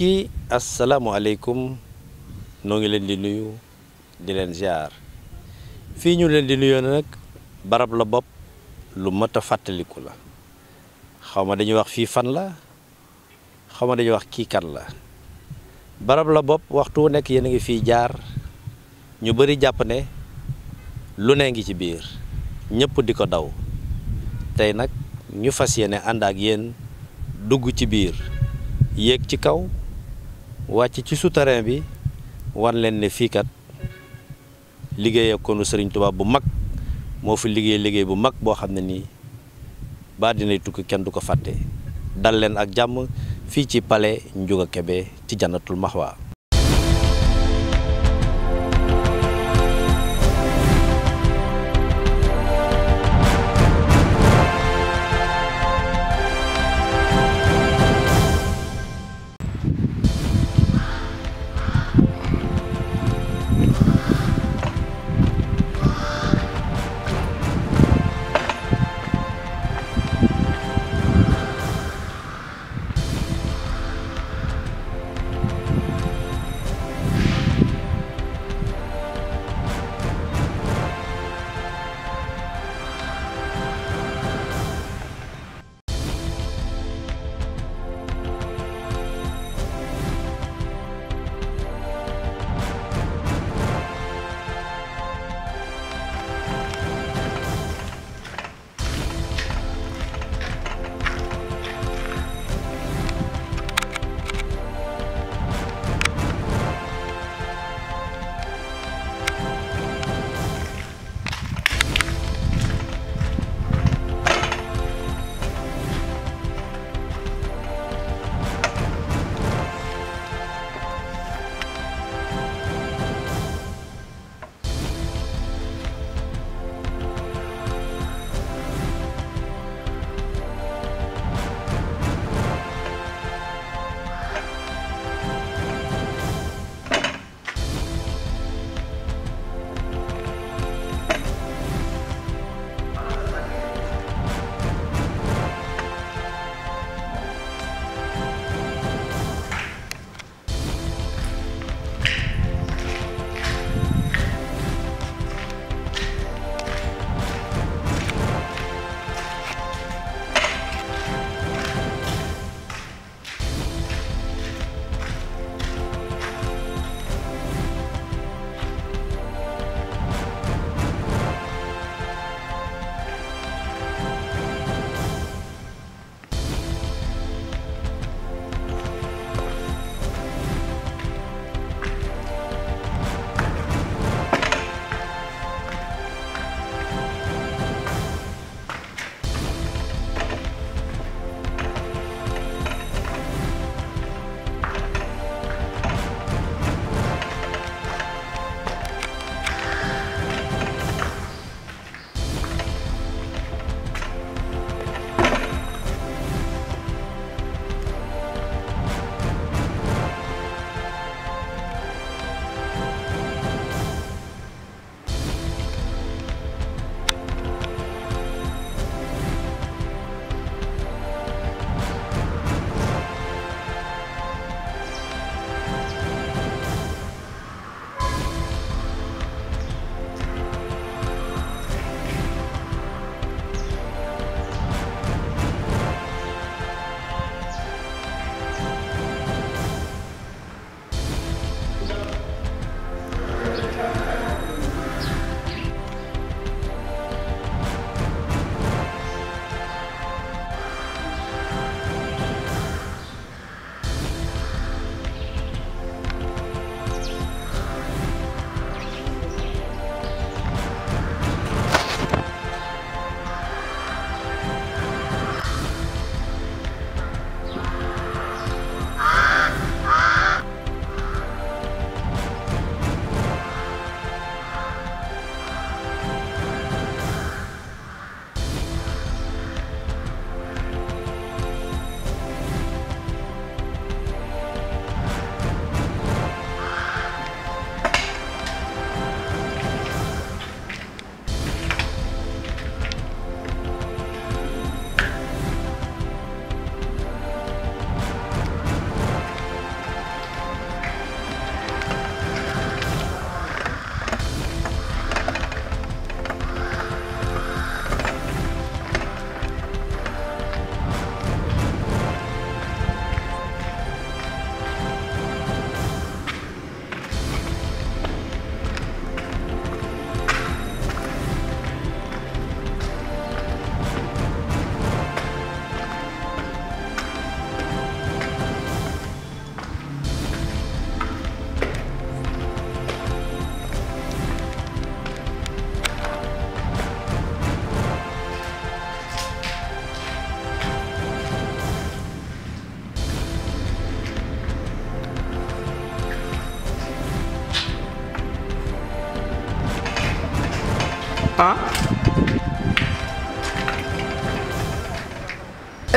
kii yi asalaamualeykum noo ngi leen di nuyu di leen ziar fii ñu leen di nuyoo nag barab la bopp lu mat a fàttaliku la xaw ma dañuy wax fii fan la xaw ma dañuy wax kii kan la barab la bopp waxtu wu nekk yéen a ngi fii jaar ñu bari jàpp ne lu ne ngi ci biir ñépp di ko daw tey nag ñu fas yéene ànd ak yéen dugg ci biir yéeg ci kaw. wàcc ci souterrain bi war leen ne fii kat liggéey ak konu Serigne Touba bu mag moo fi liggéey liggéey bu mag boo xam ne nii ba dinay tukki kenn du ko fàtte dal leen ak jàmm fii ci palais Ndiouga kebe ci jannatul maxwa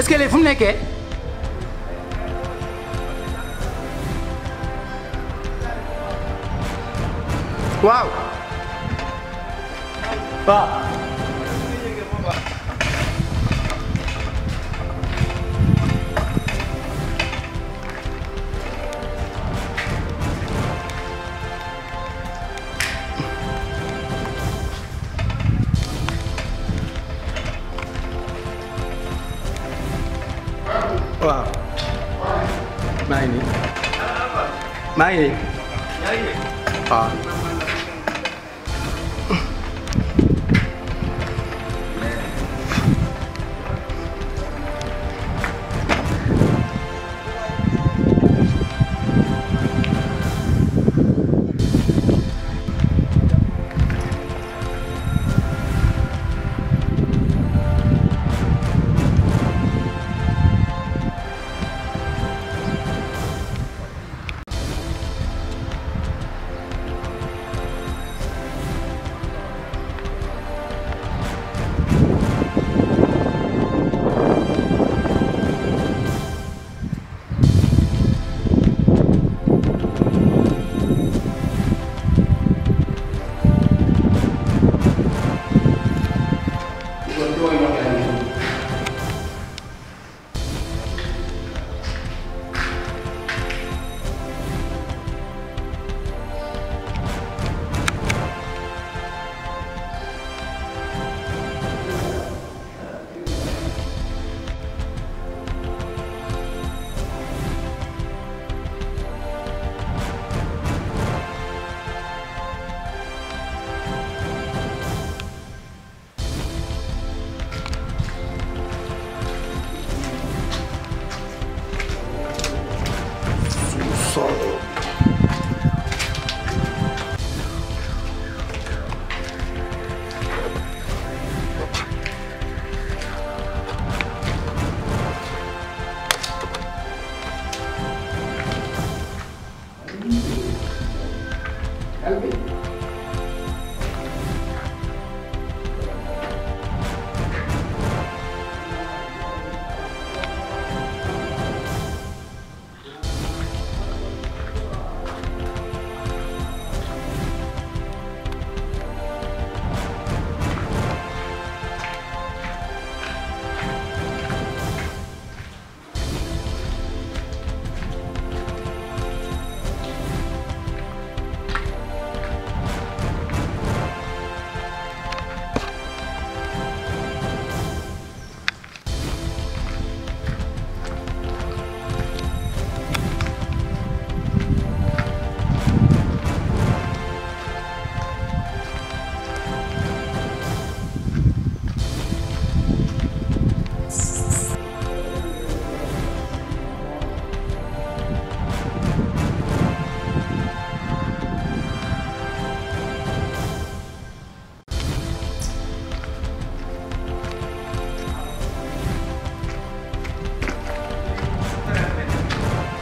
est-ce que léegi fu mu nekkee. waaw. waaw. nii maa ngi nii. yaa ngi nii waaw. xel bi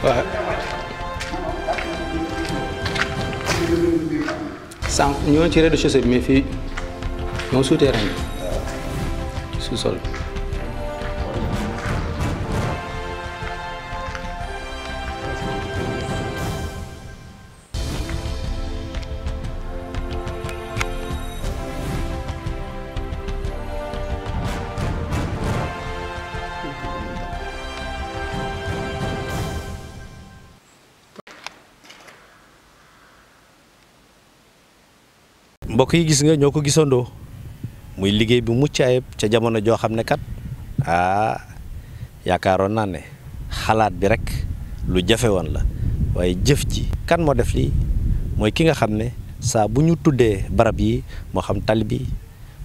waaw sànq ñoo ci rez-de-chaussée bi mais fii moom souterrain bi su sol mbokk gis nga ñoo ko gisandoo muy liggéey bu mucc ayib ca jamono joo xam ne kat ah yaakaaroon naa ne xalaat bi rek lu jafe woon la waaye jëf ci kan moo def lii mooy ki nga xam ne saa bu ñu tuddee barab yi moo xam tali bi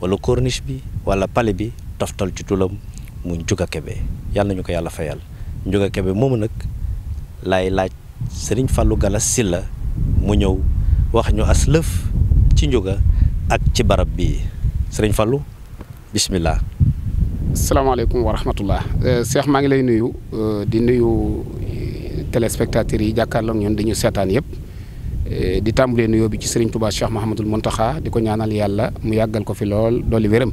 wala corniche bi wala pale bi toftal ci tulam mu Ndiouga kebe yàlla nañu ko yàlla fayal Ndiouga Kébé moomu nag lay laaj Serigne Fallou Galass Sylla mu ñëw wax ñu as lëf ci njuga ak ci barab bi sëriñ fallu bismillah. salaamaaleykum wa rahmatullah euh, Cheikh maa ngi lay nuyu euh, di nuyu euh, téléspectateurs yi jàkkaarloo ñun dañu seetaan yëpp di tàmbalee nuyoo bi ci sëriñ Touba Cheikh Mahamadul Montaxa di ko ñaanal yàlla mu yàggal ko fi lool dolli wéram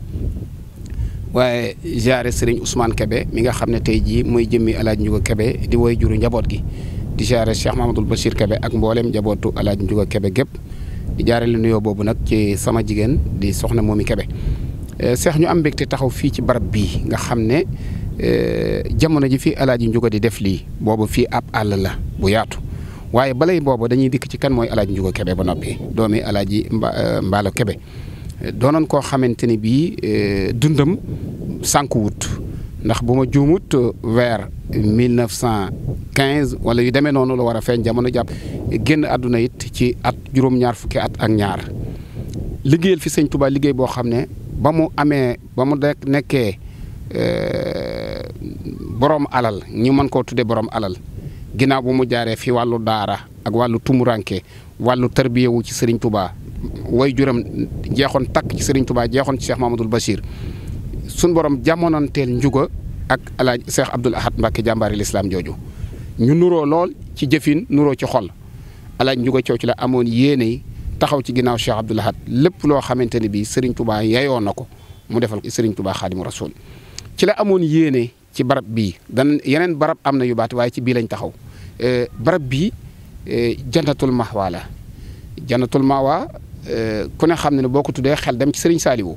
waaye jaare sëriñ Ousmane Kebe mi nga xam ne tey jii mooy jëmmi alaaj Ndiouga Kebe di woy juru njaboot gi di jaare Cheikh Mahamadul Bachir Kebe ak mbooleem njabootu alaaj Ndiouga Kebe gépp di jaarale nuyoo boobu nag ci sama jigéen di soxna moomi kebe eh, seex ñu am mbégte taxaw fii ci barab bii nga xam ne eh, jamono ji fii alaaji njuga di def lii boobu fii ab àll la bu yaatu waaye balay boobu dañuy dikk ci kan mooy alaaji njuga Kébé ba noppi doomi alaaji mbaalo eh, Kébé doonoon koo xamante ni bii dundam sànku wut ndax bu ma juumut vers euh, quinze wala yu demee noonu la war a feeñ jamono jàpp génn àdduna it ci at juróom-ñaar fukki at ak ñaar liggéeyal fi sëñ Touba liggéey boo xam ne ba mu amee ba mu nekkee euh, borom alal ñu mën koo tuddee borom alal ginnaaw bu mu jaaree fi wàllu daara ak wàllu tumuranke wàllu tarbiyewu ci sëriñ tubaa way juram jeexoon takk ci sëriñ tubaa jeexoon ci Cheikh Mamadou Bachir. sun borom jamonoonteel njuga ak alaaj Cheikh Abdoul Ahad Mbacke jàmbaari lislaam jooju ñu nuroo lool ci jëfin nuroo ci xol alaaj njuga coow ci la amoon yéene taxaw ci ginnaaw Cheikh Abdoul Ahad lépp loo xamante ne bii Serigne Touba yayoo na ko mu defal ko Serigne Touba Xaadimu Rasuul ci la amoon yéene ci barab bii dan yeneen barab am na yu baat waaye ci bii lañ taxaw eh, barab bii eh, jannatul mahwa la jannatul mahwa eh, ku ne xam ne ne boo ko tuddee xel dem ci Serigne Saliou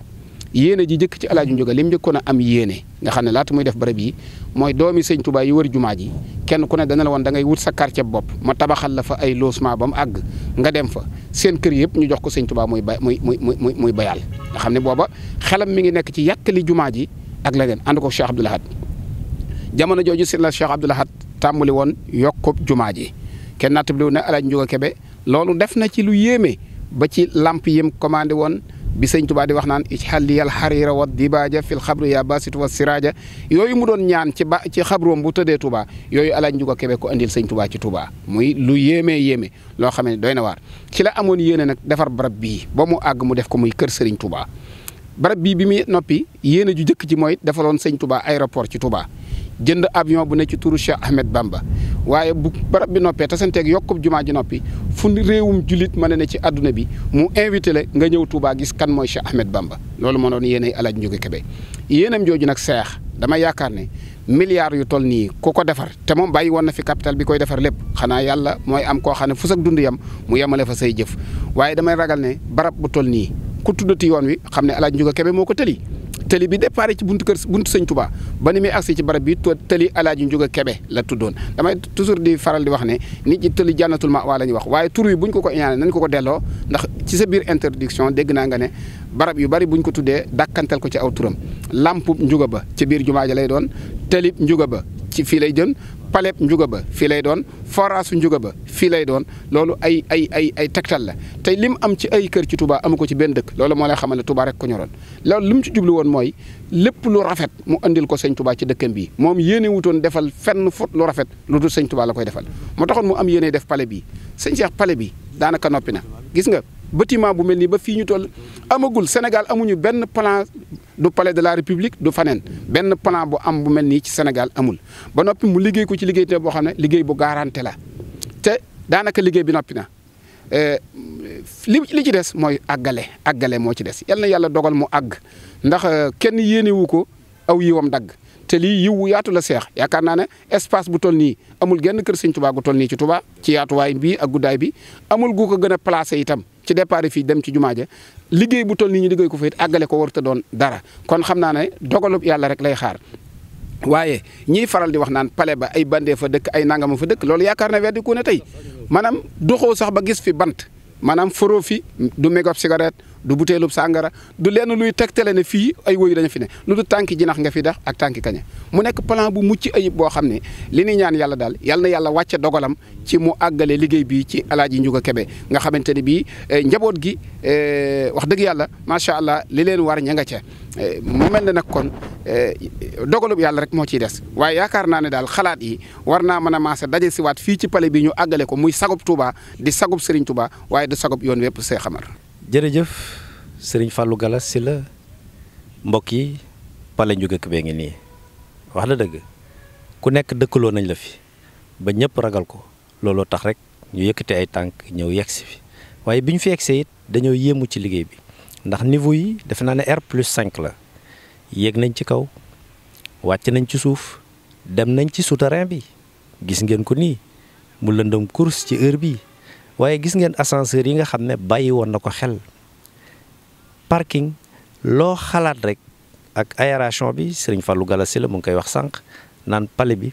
yéene ji jëkk ci alaaji Njóoga lim njëkkoon a am yéene nga xam ne laata muy def barab yi mooy doomi sëñ Tuubaa yi wër jumaa ji kenn ku ne dana la woon da ngay wut sa quartier bopp ma tabaxal la fa ay logement ba mu àgg nga dem fa seen kër yëpp ñu jox ko sëñ Tuubaa muy bay muy muy muy muy bayal nga xam ne booba xelam mi ngi nekk ci yàkkali jumaa ji ak leneen ànd ko Cheikh Abdoul Ahad jamono jooju seen la Cheikh Abdoul Ahad tàmbali woon yokkub jumaa ji kenn natt bi ne alaaji Njóoga Kebe loolu def na ci lu yéeme ba ci lamp yim commandé woon bi sëñ Tuubaa di wax naan ijxalliyal xarira wa dibaaja fil xabri ya basitu wa siraaja yooyu mu doon ñaan ci ba ci xabroom bu tëddee Tuubaa yooyu alaaj njuga kebe ko andil sëñ Tuubaa ci Tuubaa muy lu yéemee yéeme loo xam ne doy na waar ci la amoon yéene nag defar barab bii ba mu àgg mu def ko muy kër sëriñ Tuubaa barab bii bi muy noppi yéene ju jëkk ci mooy defaloon sëñ Tuubaa aéroport ci Tuubaa jënd avion bu ne ci turu Cheikh Ahmed Bamba waaye bu barab bi noppee tasanteeg yokkub jumaa ji noppi fu réewum jullit mën ne ci àdduna bi mu invité la nga ñëw Touba gis kan mooy Cheikh Ahmed Bamba loolu moo doon yéenay alaaj njóge Kebe yéenam jooju nag seex dama yaakaar ne milliards yu toll nii ku ko defar te moom bàyyi woon na fi capital bi koy defar lépp xanaa yàlla mooy am koo xam ne fu sag dund yam mu yemale fa say jëf waaye damay ragal ne barab bu toll nii ku tuddati yoon wi xam ne alaaj njóge Kebe moo ko tëli tëli bi départ ci buntu kër buntu sëñ Touba ba ni muy agsi ci barab bi to tëli alaaji Njuga Kebe la tuddoon damay toujours di faral di wax ne nit ñi tëli jànnatul ma waa la ñuy wax waaye tur wi buñ ko ko ñaanee nañ ko ko delloo ndax ci sa biir interdiction dégg naa nga ne barab yu bari buñ ko tuddee dàkkantal ko ci aw turam lampu njuga ba ci biir jumaa ja lay doon tëli njuga ba ci fii lay jëm pale Ndiouga ba fii lay doon forage su Ndiouga ba fii lay doon loolu ay ay ay ay tegtal la tey lim am ci ay kër ci Touba amu ko ci benn dëkk loolu moo lay xamal ne Touba rek ko ñoroon loolu li mu ci jublu woon mooy lépp lu rafet mu indil ko sëñ tubaa ci dëkkam bii moom yéene wutoon defal fenn fot lu rafet lu dul sëñ Touba la koy defal moo taxoon mu am yéene def pale bii sëñ Cheikh palais bi daanaka noppi na gis nga bâtiment bu mel nii ba fii ñu toll amagul Sénégal amuñu benn plan du pale de la république du faneen benn plan bu am bu mel nii ci Sénégal amul ba noppi mu liggéey ko ci liggéey te boo xam ne liggéey bu garanté la te daanaka liggéey bi noppi na eh, li li ci des mooy àggale àggale moo ci des yal na yàlla dogal mu àgg ndax eh, kenn yéenewu ko aw yiwam dagg te lii yiw wu yaatu la seex yaakaar naa ne espace bu toll nii amul genn kër sëñ Tuubaa gu toll nii ci Tuubaa ci yaatuwaay bii a guddaay bi amul gu ko gën a placé itam ci départ fii dem ci jumaa ja liggéey bu toll nii ñu liggéey ko fa it àggale ko warut a doon dara kon xam naa ne dogalub yàlla rek lay xaar. waaye ñiy faral di wax naan pale ba ay bandee fa dëkk ay nangama fa dëkk loolu yaakaar na weddi ku ne tey maanaam doxoo sax ba gis fi bant maanaam foroo fi du mégob cigarette du butéelub sàngara du leen luy teg tegtale ne fii ay woyu dañu fi ne lu du tànki jinax nga fi def ak tànki kaña mu nekk plan bu mucc ayib boo xam ne li ni ñaan yàlla daal yàlla na yàlla wàcce dogalam ci mu àggale liggéey bii ci alaaji Ndiouga Kébé nga xamante ne bii eh, njaboot gi eh, wax dëgg yàlla macha allah li leen war ña nga ca eh, mu mel ne nag kon dogalub yàlla rek moo ci des waaye yaakaar naa ne daal xalaat yi war naa mën a maase daje siwaat fii ci pale bi ñu àggale ko muy sagub Touba di sagub Serigne Touba waaye du sagub yoon wépp see xamar jërëjëf sëriñ Fallou Gallas si la mbokk yi pale njugëkk bee ngi nii wax la dëgg ku nekk dëkkaloo nañ la fi ba ñëpp ragal ko looloo tax rek ñu yëkkati ay tànk ñëw yegg si fi waaye bi ñu fi yegsee it dañoo yéemu ci liggéey bi ndax niveau yi defe naa ne R plus la yéeg nañ ci kaw wàcc nañ ci suuf dem nañ ci souterrain bi gis ngeen ko nii mu lëndëm course ci heure bi waaye gis ngeen ascenseur yi nga xam ne bàyyi woon na ko xel parking loo xalaat rek ak aération bi Serigne Fallou Galassi la mu ngi koy wax sànq naan pale bi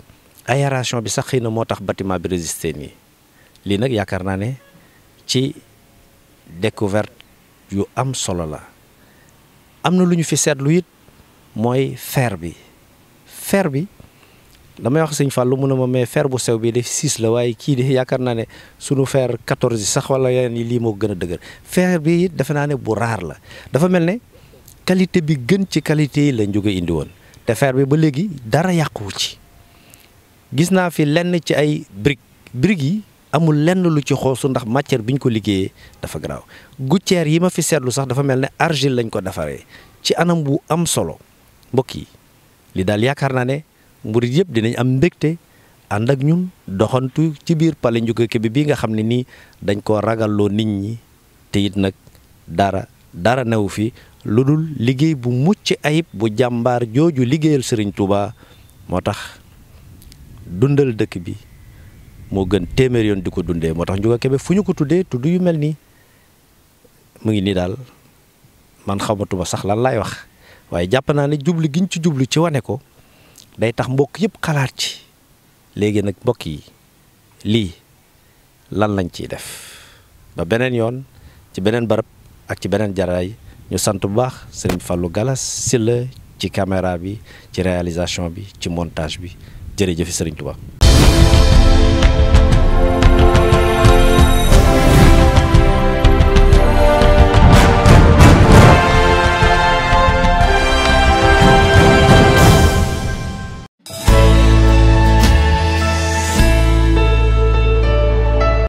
aération bi sax xëy na moo tax bâtiment bi résisté nii lii nag yaakaar naa ne ci découverte yu am solo la am na lu ñu fi seetlu it mooy fer bi fer bi. damay wax sëñ Fallou mu ne ma mais fer bu sew bi def siis la waaye kii de yaakaar naa ne sunu fer 14 sax wala yeneen yi lii moo gën a dëgër feer bi defe naa ne bu raar la dafa mel ne qualité bi gën ci qualité yi lañ jóge indi woon te fer bi ba léegi dara yàquwu ci gis naa fi lenn ci ay briques briques yi amul lenn lu ci xoosu ndax matière bi ñu ko liggéeyee dafa garaaw gouttière yi ma fi seetlu sax dafa mel ne argile lañ ko defaree ci anam bu am solo mbokk yi li daal yaakaar naa ne. murit yëpp dinañ am mbégte ànd ak ñun doxantu ci biir pale Ndiouga Kébé bii nga xam ne nii dañ koo ragalloo nit ñi te it nag dara dara newu fii lu dul liggéey bu mucc ayib bu jàmbaar jooju liggéeyal Serigne Touba moo tax dundal dëkk bi moo gën téeméer yoon di ko dundee moo tax Ndiouga Kébé fu ñu ko tuddee tudd yu mel nii mu ngi nii daal man xamatuma sax lan laay wax waaye jàpp naa ne jublu gi ci jublu ci wane ko day tax mbokk yëpp xalaat ci léegi nag mbokk yi lii lan lañ ciy def ba beneen yoon ci beneen barab ak ci beneen jaraay ñu sant bu baax sëriñ falu Galas Sylla ci caméra bi ci réalisation bi ci montage bi jërëjëf sëriñ Touba.